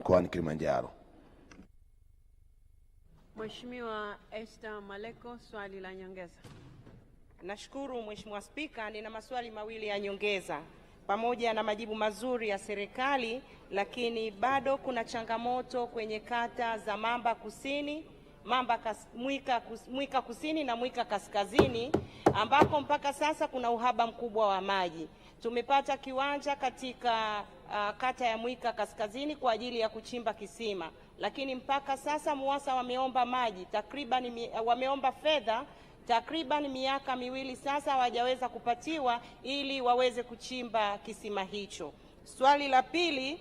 mkoani Kilimanjaro. Mheshimiwa Esther Maleko, swali la nyongeza. Nashukuru Mheshimiwa Spika, nina maswali mawili ya nyongeza. Pamoja na majibu mazuri ya serikali, lakini bado kuna changamoto kwenye kata za Mamba Kusini, Mamba kas, Mwika, kus, Mwika Kusini na Mwika Kaskazini ambako mpaka sasa kuna uhaba mkubwa wa maji. Tumepata kiwanja katika uh, kata ya Mwika Kaskazini kwa ajili ya kuchimba kisima, lakini mpaka sasa MUWASA wameomba maji takriban, uh, wameomba fedha takriban miaka miwili sasa hawajaweza kupatiwa ili waweze kuchimba kisima hicho. Swali la pili,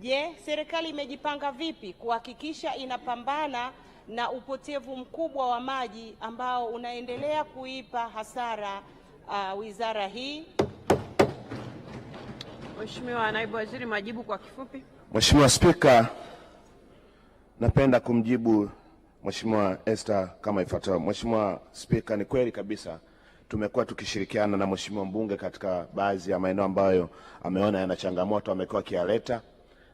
je, serikali imejipanga vipi kuhakikisha inapambana na upotevu mkubwa wa maji ambao unaendelea kuipa hasara uh, wizara hii? Mheshimiwa Naibu Waziri, majibu kwa kifupi. Mheshimiwa Spika, napenda kumjibu Mheshimiwa Esther kama ifuatavyo. Mheshimiwa Spika, ni kweli kabisa tumekuwa tukishirikiana na Mheshimiwa mbunge katika baadhi ya maeneo ambayo ameona yana changamoto, amekuwa akiyaleta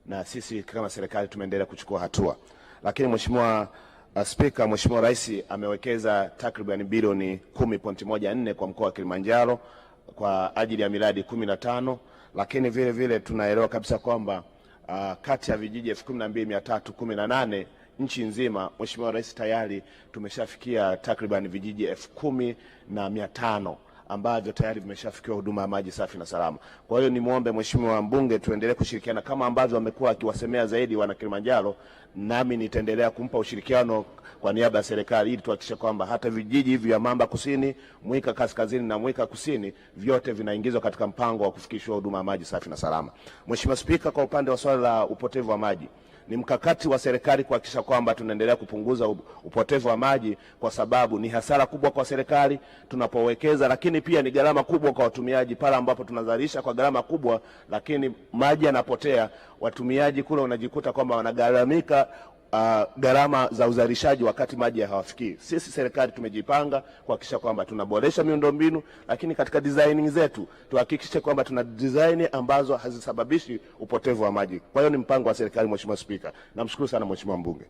na sisi kama serikali tumeendelea kuchukua hatua, lakini Mheshimiwa uh, Spika, Mheshimiwa Rais amewekeza takriban bilioni 10.14 kwa mkoa wa Kilimanjaro kwa ajili ya miradi kumi na tano lakini vile vile tunaelewa kabisa kwamba uh, kati ya vijiji elfu kumi na mbili mia tatu kumi na nane nchi nzima, Mheshimiwa Rais, tayari tumeshafikia takriban vijiji elfu kumi na mia tano ambavyo tayari vimeshafikiwa huduma ya maji safi na salama. Kwa hiyo nimwombe mheshimiwa mbunge tuendelee kushirikiana kama ambavyo amekuwa akiwasemea zaidi wana Kilimanjaro, nami nitaendelea kumpa ushirikiano kwa niaba ya serikali ili tuhakikishe kwamba hata vijiji hivi vya Mamba Kusini, Mwika Kaskazini na Mwika Kusini vyote vinaingizwa katika mpango wa kufikishwa huduma ya maji safi na salama. Mheshimiwa Spika, kwa upande wa swala la upotevu wa maji ni mkakati wa serikali kuhakikisha kwamba tunaendelea kupunguza upotevu wa maji, kwa sababu ni hasara kubwa kwa serikali tunapowekeza, lakini pia ni gharama kubwa kwa watumiaji pale ambapo tunazalisha kwa gharama kubwa, lakini maji yanapotea, watumiaji kule unajikuta kwamba wanagharamika uh, gharama za uzalishaji wakati maji hawafikii. Sisi serikali tumejipanga kuhakikisha kwamba tunaboresha miundombinu, lakini katika designing zetu tuhakikishe kwamba tuna design ambazo hazisababishi upotevu wa maji. Kwa hiyo ni mpango wa serikali, Mheshimiwa Spika. Namshukuru sana Mheshimiwa mbunge.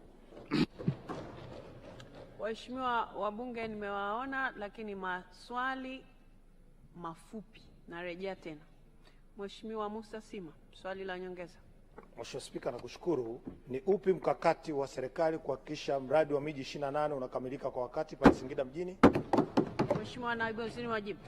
Waheshimiwa wabunge nimewaona, lakini maswali mafupi narejea tena. Mheshimiwa Musa Sima, swali la nyongeza. Mheshimiwa Spika, nakushukuru. Ni upi mkakati wa serikali kuhakikisha mradi wa miji 28 unakamilika kwa wakati pale Singida mjini? Mheshimiwa Naibu Waziri, wajibu.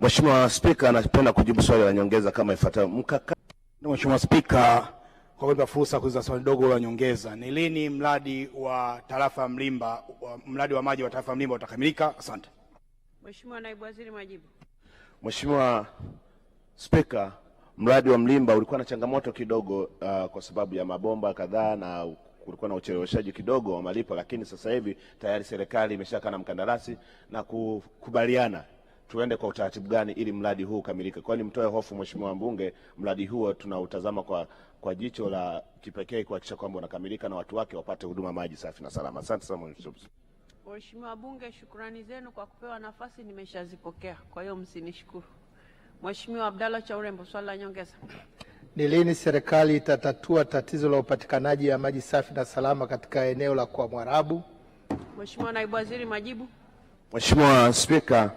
Mheshimiwa Spika, napenda kujibu swali la nyongeza kama ifuatavyo. Mkakati. Mheshimiwa Spika, kwa kuipa fursa kuuliza swali dogo la nyongeza, ni lini mradi wa tarafa Mlimba, wa, mradi wa maji wa tarafa Mlimba utakamilika? Asante. Mheshimiwa Naibu Waziri, majibu. Mheshimiwa Spika, mradi wa Mlimba ulikuwa na changamoto kidogo uh, kwa sababu ya mabomba kadhaa na kulikuwa na ucheleweshaji kidogo wa malipo, lakini sasa hivi tayari serikali imeshakaa na mkandarasi na kukubaliana tuende kwa utaratibu gani ili mradi huu ukamilike. Kwa hiyo nimtoe hofu mheshimiwa mbunge, mradi huo tunautazama kwa, kwa jicho la kipekee kuhakikisha kwamba unakamilika na watu wake wapate huduma maji safi na salama. Asante sana mheshimiwa bunge, shukrani zenu kwa kupewa nafasi nimeshazipokea, kwa hiyo msinishukuru. Mheshimiwa Abdalla Chaurembo, swali la nyongeza. Ni lini serikali itatatua tatizo la upatikanaji ya maji safi na salama katika eneo la Kwa Mwarabu? Mheshimiwa Naibu Waziri, majibu. Mheshimiwa Spika,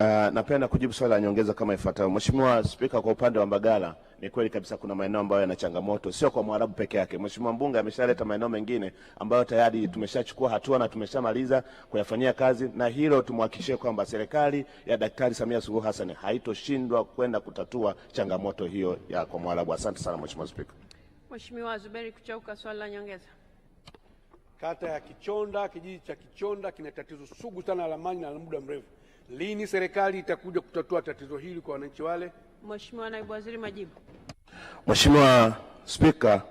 uh, napenda kujibu swali la nyongeza kama ifuatavyo. Mheshimiwa Spika, kwa upande wa Mbagala ni kweli kabisa kuna maeneo ambayo yana changamoto, sio kwa Mwarabu peke yake. Mheshimiwa mbunge ameshaleta maeneo mengine ambayo tayari tumeshachukua hatua na tumeshamaliza kuyafanyia kazi, na hilo tumhakikishie kwamba serikali ya Daktari Samia Suluhu Hassan haitoshindwa kwenda kutatua changamoto hiyo ya kwa Mwarabu. Asante sana Mheshimiwa Spika. Mheshimiwa Zuberi Kuchauka, swali la nyongeza. Kata ya Kichonda, kijiji cha Kichonda kina tatizo sugu sana la maji na la muda mrefu. Lini serikali itakuja kutatua tatizo hili kwa wananchi wale? Mheshimiwa Naibu Waziri, majibu. Mheshimiwa Spika,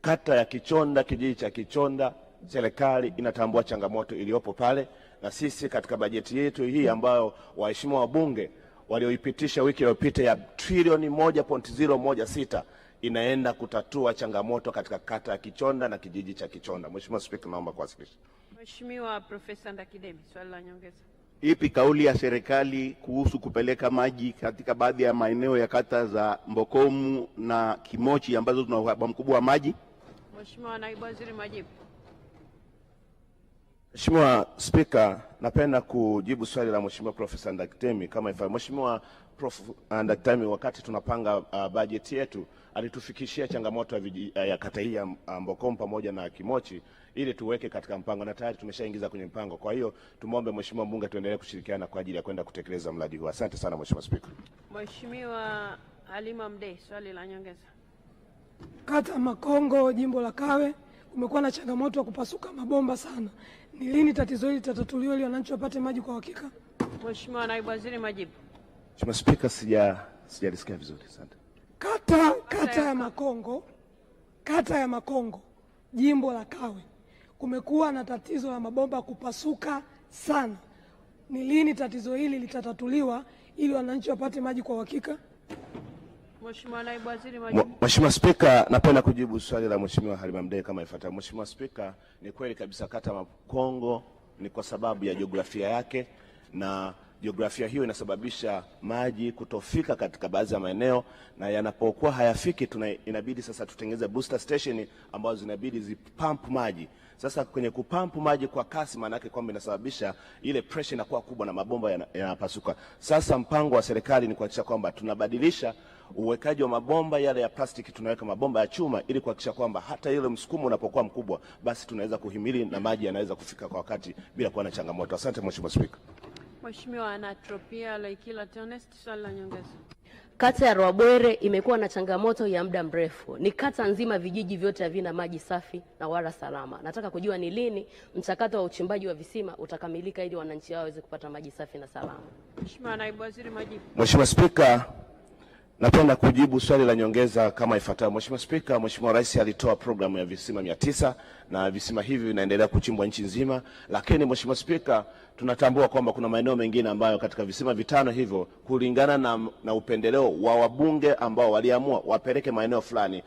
kata ya Kichonda, kijiji cha Kichonda, serikali inatambua changamoto iliyopo pale, na sisi katika bajeti yetu hii ambayo waheshimiwa wabunge walioipitisha wiki iliyopita ya trilioni 1.016 inaenda kutatua changamoto katika kata ya Kichonda na kijiji cha Kichonda. Mheshimiwa Spika, naomba kuwasilisha. Mheshimiwa Profesa Ndakidemi, swali la nyongeza. Ipi kauli ya serikali kuhusu kupeleka maji katika baadhi ya maeneo ya kata za Mbokomu na Kimochi ambazo tuna uhaba mkubwa wa maji? Mheshimiwa Naibu Waziri, majibu. Mheshimiwa Spika, napenda kujibu swali la Mheshimiwa Profesa Ndakitemi kama ifa. Mheshimiwa Prof Ndaktari uh, wakati tunapanga uh, bajeti yetu alitufikishia changamoto ya, viji, uh, ya kata hii ya uh, Mbokom pamoja na Kimochi ili tuweke katika mpango na tayari tumeshaingiza kwenye mpango. Kwa hiyo tumwombe Mheshimiwa Mbunge tuendelee kushirikiana kwa ajili ya kwenda kutekeleza mradi huu. Asante sana Mheshimiwa Spika. Mheshimiwa Halima Mdee, swali la nyongeza. Kata Makongo, jimbo la Kawe, kumekuwa na changamoto ya kupasuka mabomba sana. Ni lini tatizo hili litatatuliwa ili wananchi wapate maji kwa uhakika? Mheshimiwa Naibu Waziri, majibu. Mheshimiwa Spika, sija sijalisikia vizuri. Asante. Kata, kata ya Makongo, kata ya Makongo, jimbo la Kawe, kumekuwa na tatizo la mabomba kupasuka sana. Ni lini tatizo hili litatatuliwa ili wananchi wapate maji kwa uhakika? Mheshimiwa Naibu Waziri Majibu. Mheshimiwa Spika, napenda kujibu swali la Mheshimiwa Halima Mdee kama ifuatavyo. Mheshimiwa Spika, ni kweli kabisa kata ya Makongo ni kwa sababu ya jiografia yake na jiografia hiyo inasababisha maji kutofika katika baadhi ya maeneo, na yanapokuwa hayafiki tuna, inabidi sasa tutengeze booster station ambazo zinabidi zipump maji. Sasa kwenye kupump maji kwa kasi, maana yake kwamba inasababisha ile pressure inakuwa kubwa na mabomba yanapasuka. Yana sasa mpango wa serikali ni kuhakikisha kwamba tunabadilisha uwekaji wa mabomba yale ya plastiki, tunaweka mabomba ya chuma ili kuhakikisha kwamba hata ile msukumo unapokuwa mkubwa, basi tunaweza kuhimili na maji yanaweza kufika kwa wakati bila kuwa na changamoto. Asante Mheshimiwa Spika. Mheshimiwa Anatropia Laikila Theonest, swali la nyongeza. Kata ya Rwabwere imekuwa na changamoto ya muda mrefu, ni kata nzima, vijiji vyote havina maji safi na wala salama. Nataka kujua ni lini mchakato wa uchimbaji wa visima utakamilika ili wananchi hao waweze kupata maji safi na salama. Mheshimiwa Naibu Waziri, majibu. Mheshimiwa Spika, Napenda kujibu swali la nyongeza kama ifuatavyo. Mheshimiwa Spika, Mheshimiwa Rais alitoa programu ya visima mia tisa na visima hivi vinaendelea kuchimbwa nchi nzima, lakini Mheshimiwa Spika, tunatambua kwamba kuna maeneo mengine ambayo katika visima vitano hivyo kulingana na, na upendeleo wa wabunge ambao waliamua wapeleke maeneo fulani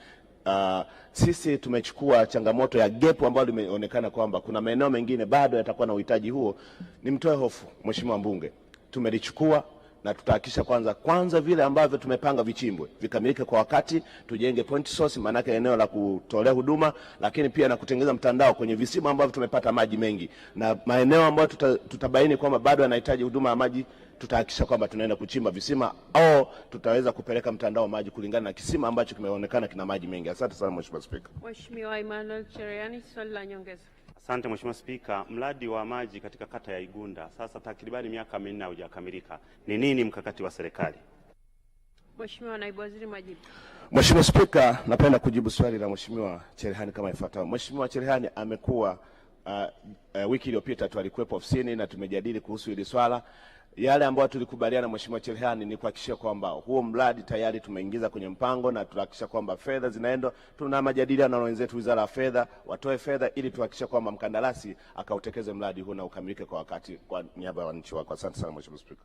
Uh, sisi tumechukua changamoto ya gepu ambayo limeonekana kwamba kuna maeneo mengine bado yatakuwa na uhitaji huo. Nimtoe hofu Mheshimiwa mbunge, tumelichukua na tutahakisha kwanza kwanza vile ambavyo tumepanga vichimbwe vikamilike kwa wakati, tujenge point source, maanake eneo la kutolea huduma, lakini pia na kutengeneza mtandao kwenye visima ambavyo tumepata maji mengi na maeneo ambayo tuta, tutabaini kwamba bado yanahitaji huduma ya maji tutahakisha kwamba tunaenda kuchimba visima au tutaweza kupeleka mtandao wa maji kulingana na kisima ambacho kimeonekana kina maji mengi. Asante sana Mheshimiwa Spika. Mheshimiwa Emmanuel Cheriani, swali la nyongeza. Asante Mheshimiwa Spika, mradi wa maji katika kata ya Igunda sasa takribani miaka minne haujakamilika. Ni nini mkakati wa serikali? Mheshimiwa Naibu Waziri, majibu. Mheshimiwa Spika, napenda kujibu swali la Mheshimiwa Cherehani kama ifuatavyo. Mheshimiwa Cherehani amekuwa uh, uh, wiki iliyopita tu alikuwepo ofisini na tumejadili kuhusu hili swala. Yale ambayo tulikubaliana Mheshimiwa Cherehani ni kuhakikisha kwamba huo mradi tayari tumeingiza kwenye mpango na tunahakikisha kwamba fedha zinaenda. Tuna majadiliano na wenzetu Wizara ya Fedha watoe fedha ili tuhakikisha kwamba mkandarasi akautekeze mradi huu na ukamilike kwa wakati kwa niaba ya wananchi wako. Asante sana Mheshimiwa Spika.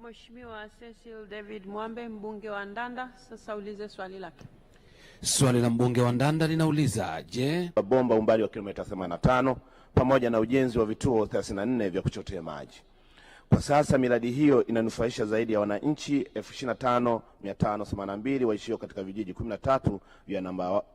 Mheshimiwa Cecil David Mwambe mbunge wa Ndanda sasa ulize swali lake. Swali la mbunge wa Ndanda linauliza je, bomba umbali wa kilomita 85 pamoja na ujenzi wa vituo 34 vya kuchotea maji. Kwa sasa miradi hiyo inanufaisha zaidi ya wananchi 25582 waishio katika vijiji 13 vya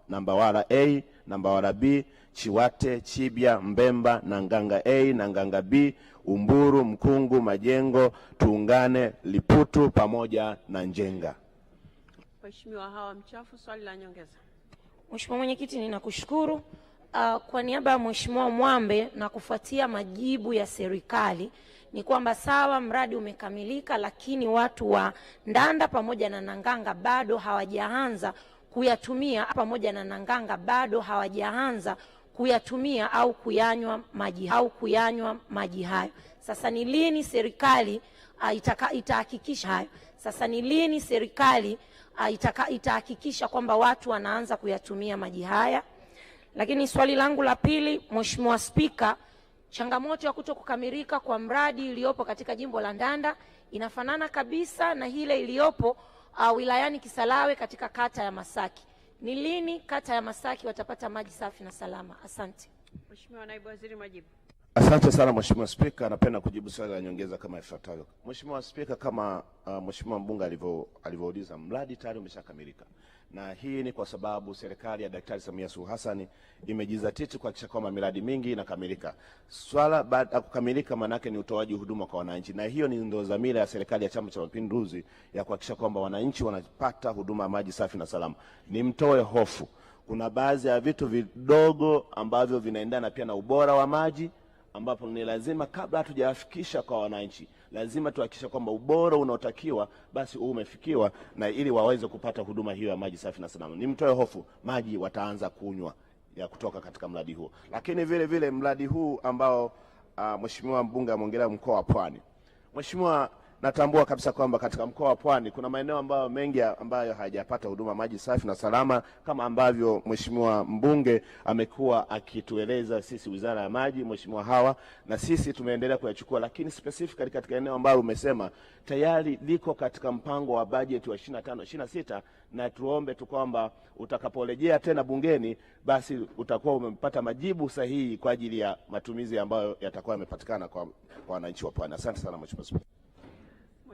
Nambawala A, Nambawala B, Chiwate, Chibya, Mbemba, Nanganga A, Nanganga B, Umburu, Mkungu, Majengo, Tuungane, Liputu pamoja na Njenga. Mheshimiwa Hawa Mchafu, swali la nyongeza. Mheshimiwa Mwenyekiti, ninakushukuru uh, kwa niaba ya Mheshimiwa Mwambe na kufuatia majibu ya serikali ni kwamba sawa, mradi umekamilika, lakini watu wa Ndanda pamoja na Nanganga bado hawajaanza kuyatumia pamoja na Nanganga bado hawajaanza kuyatumia au kuyanywa maji au kuyanywa maji hayo. Sasa ni lini serikali uh, itahakikisha hayo? Sasa ni lini serikali ah, itahakikisha kwamba watu wanaanza kuyatumia maji haya? Lakini swali langu la pili, Mheshimiwa Spika, changamoto ya kuto kukamilika kwa mradi iliyopo katika jimbo la Ndanda inafanana kabisa na ile iliyopo uh, wilayani Kisarawe katika kata ya Masaki. Ni lini kata ya Masaki watapata maji safi na salama? Asante. Mheshimiwa Naibu Waziri, majibu. Asante sana Mheshimiwa Spika, napenda kujibu swali la nyongeza kama ifuatavyo. Mheshimiwa Spika, kama uh, Mheshimiwa mbunge alivyouliza, mradi tayari umeshakamilika, na hii ni kwa sababu serikali ya Daktari Samia Suluhu Hassan imejizatiti kuhakikisha kwamba miradi mingi inakamilika. Swala baada ya kukamilika, maanake ni utoaji huduma kwa wananchi, na hiyo ni ndio dhamira ya serikali ya Chama cha Mapinduzi ya kuhakikisha kwamba wananchi wanapata huduma ya maji safi na salama. Ni mtoe hofu, kuna baadhi ya vitu vidogo ambavyo vinaendana pia na ubora wa maji ambapo ni lazima kabla hatujawafikisha kwa wananchi, lazima tuhakikishe kwamba ubora unaotakiwa basi huu umefikiwa, na ili waweze kupata huduma hiyo ya maji safi na salama. Nimtoe hofu, maji wataanza kunywa ya kutoka katika mradi huo. Lakini vile vile mradi huu ambao uh, mheshimiwa mbunge ameongelea mkoa wa Pwani, mheshimiwa natambua kabisa kwamba katika mkoa wa Pwani kuna maeneo ambayo mengi ambayo hayajapata huduma maji safi na salama, kama ambavyo mheshimiwa mbunge amekuwa akitueleza sisi Wizara ya Maji, mheshimiwa Hawa, na sisi tumeendelea kuyachukua, lakini specifically katika eneo ambalo umesema tayari liko katika mpango wa bajeti wa 25 26, na tuombe tu kwamba utakaporejea tena bungeni, basi utakuwa umepata majibu sahihi kwa ajili ya matumizi ambayo yatakuwa yamepatikana kwa wananchi wa Pwani. Asante sana mheshimiwa.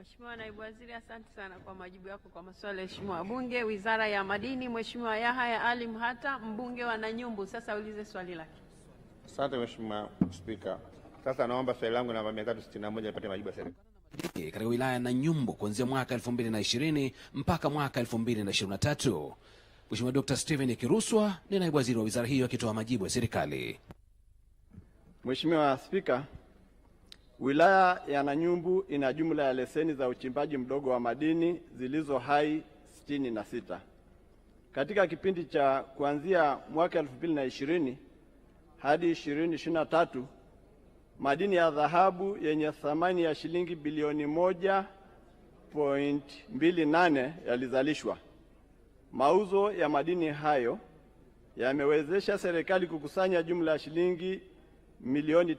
Mheshimiwa Naibu Waziri, asante sana kwa majibu yako kwa maswali ya Mheshimiwa Bunge. Wizara ya Madini, Mheshimiwa Yahaya Ali Mhata, mbunge wa Nanyumbu, sasa ulize swali lake. Asante Mheshimiwa Spika. Sasa naomba swali langu namba 361 nipate majibu ya serikali katika wilaya ya Nanyumbu kuanzia mwaka 2020 mpaka mwaka 2023. Mheshimiwa Dr. Steven Kiruswa ni naibu waziri wa wizara hiyo akitoa majibu ya serikali. Mheshimiwa Spika, Wilaya ya Nanyumbu ina jumla ya leseni za uchimbaji mdogo wa madini zilizo hai sitini na sita. Katika kipindi cha kuanzia mwaka 2020 hadi 2023 madini ya dhahabu yenye thamani ya shilingi bilioni 1.28 yalizalishwa. Mauzo ya madini hayo yamewezesha serikali kukusanya jumla ya shilingi milioni